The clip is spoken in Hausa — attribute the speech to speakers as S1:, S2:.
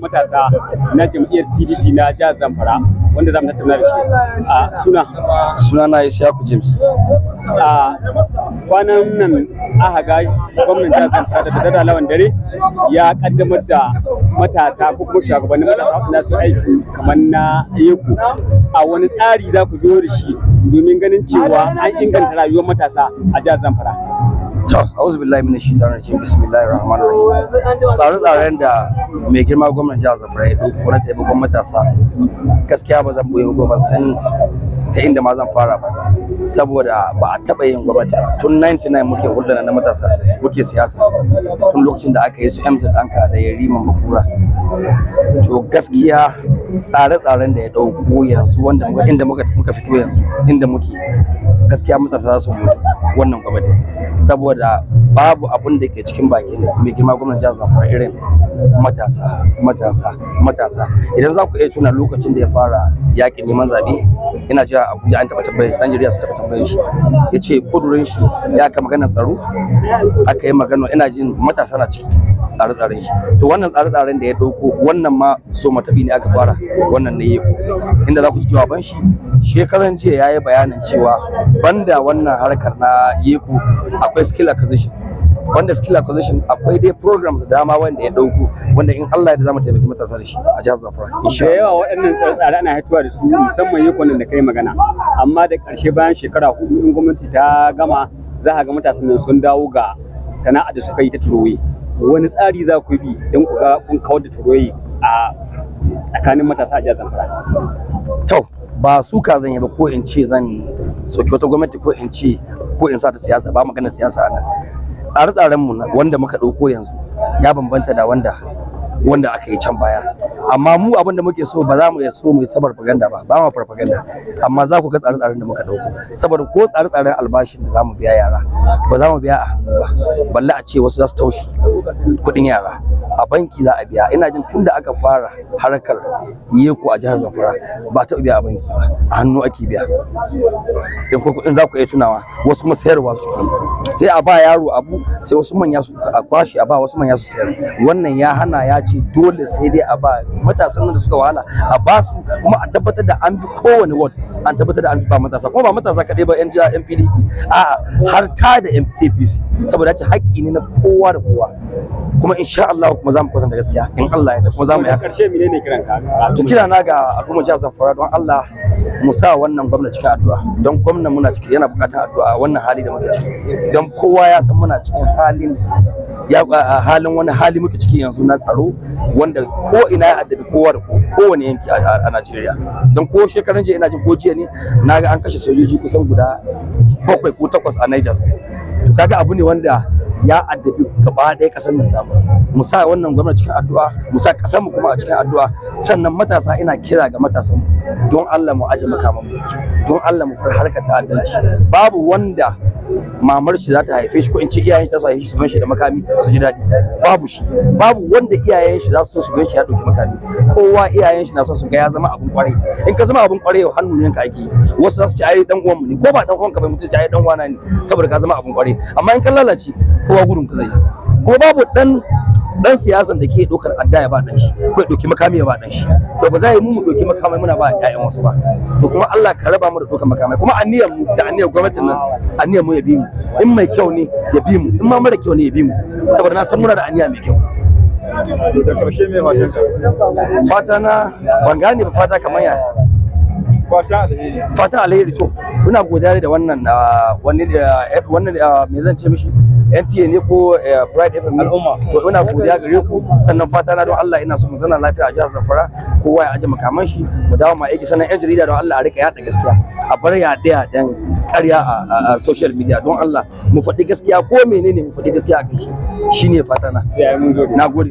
S1: matasa na jam'iyyar PDP na jihar Zamfara wanda za tattauna da shi. A suna? Suna na Ishaku James. A kwanan nan aka ga gwamnan jihar Zamfara da dada lawan dare ya kaddamar da matasa ko kuma shugabannin matasa na su aiki kamar na Yeku. A wani tsari za ku zo da shi domin ganin cewa an inganta rayuwar matasa a jihar Zamfara. auzu billahi minash shaitanir rajim bismillahir rahmanir rahim tsare-tsaren da mai girma gwamnan jihar Zamfara ya dauko na taimakon matasa gaskiya ba zan boye ba san ta inda ma zan fara ba saboda ba a taba yin gwamnati tun 99 muke hulɗa na matasa muke siyasa tun lokacin da aka yi su MZ ɗanka da Yarima Makura to gaskiya tsare-tsaren da ya dauko yanzu wanda inda muka fito yanzu inda muke gaskiya matasa za su mutu wannan gwamnati saboda babu abun da ke cikin baki ne mai girma gwamnan jihar zamfara irin matasa matasa matasa idan za ku iya tuna lokacin da ya fara yakin neman zaɓe ina jira abuja an taɓa najeriya su taɓa tambaye shi ya ce kudurin shi ya ka maganar tsaro aka yi magana ina jin matasa na ciki tsare-tsaren shi to wannan tsare-tsaren da ya dauko wannan ma so matafi ne aka fara wannan ne yeko inda za ku ji jawaban shi shekaran jiya ya yi bayanin cewa banda wannan harkar na yeku akwai skill acquisition wanda skill acquisition akwai dai programs da dama wanda ya dauko wanda in Allah ya zama taimaki matasa da shi a jihar Zamfara insha Allah yawa waɗannan tsare-tsare ana haituwa da su musamman nan da kai magana amma da ƙarshe bayan shekara hudu in gwamnati ta gama za ka ga matasan nan sun dawo ga sana'a da suka yi ta turowe wani tsari za ku bi don ku ga kun kawar da turoyi a tsakanin matasa a jihar To, ba su ka zan ba ko in ce zan soke wata gwamnati ko in ce ko in sa ta siyasa ba magana siyasa nan. tsare tsarenmu mu wanda muka ɗauko yanzu ya bambanta da wanda aka yi can baya. amma mu abin da muke so ba za mu iya so mu yi sabar propaganda ba ba mu propaganda amma za ku ga tsare-tsaren da muka dauko saboda ko tsare-tsaren albashin da za mu biya yara ba za mu biya a hannu ba balle a ce wasu za su taushi kuɗin yara a banki za a biya ina jin tun da aka fara harkar yeko a jihar zamfara ba ta biya a banki ba a hannu ake biya in ku kuɗin za ku iya tunawa wasu kuma sayarwa suke sai a ba yaro abu sai wasu manya su a kwashi a ba wasu manya su sayar wannan ya hana ya ce dole sai dai a ba matasan da suka wahala a basu kuma a tabbatar da an bi kowane ward an tabbatar da an ba matasa kuma ba matasa kaɗai ba 'yan jiha a a'a har ta da 'yan apc saboda ce haƙƙi ne na kowa da kowa kuma insha Allah kuma za mu kwatanta gaskiya in Allah ya da kuma za mu yi karshe menene ne kiranka to kira na ga al'ummar jihar Zamfara don Allah mu sa wannan gwamnati cikin addu'a don gwamnati muna cikin yana buƙatar addu'a wannan hali da muke ciki don kowa ya san muna cikin halin ya halin wani hali muke ciki yanzu na tsaro wanda ko ina ya addabi kowa da kowane yanki a Najeriya don ko shekaran jiya ina jin ko jiya ne na ga an kashe sojoji kusan guda bakwai ko takwas a Niger State to kaga abu ne wanda ya addabi gaba ɗaya kasar nan tamu mu sa wannan gwamnati cikin addu'a mu sa kasanmu mu kuma a cikin addu'a sannan matasa ina kira ga matasan mu don Allah mu aje makaman mu don Allah mu fara harkar ta'addanci babu wanda mamar shi za ta haife shi ko in ce iyayen shi za su haife shi su gan shi da makami su ji daɗi babu shi babu wanda iyayen shi za su so su gan shi ya ɗauki makami kowa iyayen shi na so su ga ya zama abin kwarai in ka zama abin kwarai hannu ne ka ake wasu za su ce ai dan uwan mu ne ko ba dan uwan ka bai mutunta ai dan uwana ne saboda ka zama abun kwarai amma in ka lalace kowa gudun ka zai ko babu dan dan siyasan da ke dokar adda ya ba dan shi ko ya doki makami ya ba dan shi to ba za mu mu doki makamai muna ba ƴaƴan wasu ba to kuma Allah ka raba mu da dokar makamai kuma aniyar mu da aniyar gwamnatin nan aniyar mu ya bi mu in mai kyau ne ya bi mu in ma mara kyau ne ya bi mu saboda na san muna da aniya mai kyau da fata na ban gane ba fata kamar ya fata alheri fata to muna godiya da wannan ah, wani ah, wannan ah, me zan ce mishi NTA ne ko eh, Pride FM al'umma to ina godiya gare ku sannan fata na don Allah ina so mu zana lafiya a jihar Zamfara kowa ya aje makaman shi mu dawo ma aiki sannan yan jarida don Allah a rika yada gaskiya a bar yaɗe yaɗen ƙarya a social media don Allah mu faɗi gaskiya ko menene mu faɗi gaskiya a kai shi shine fata na na gode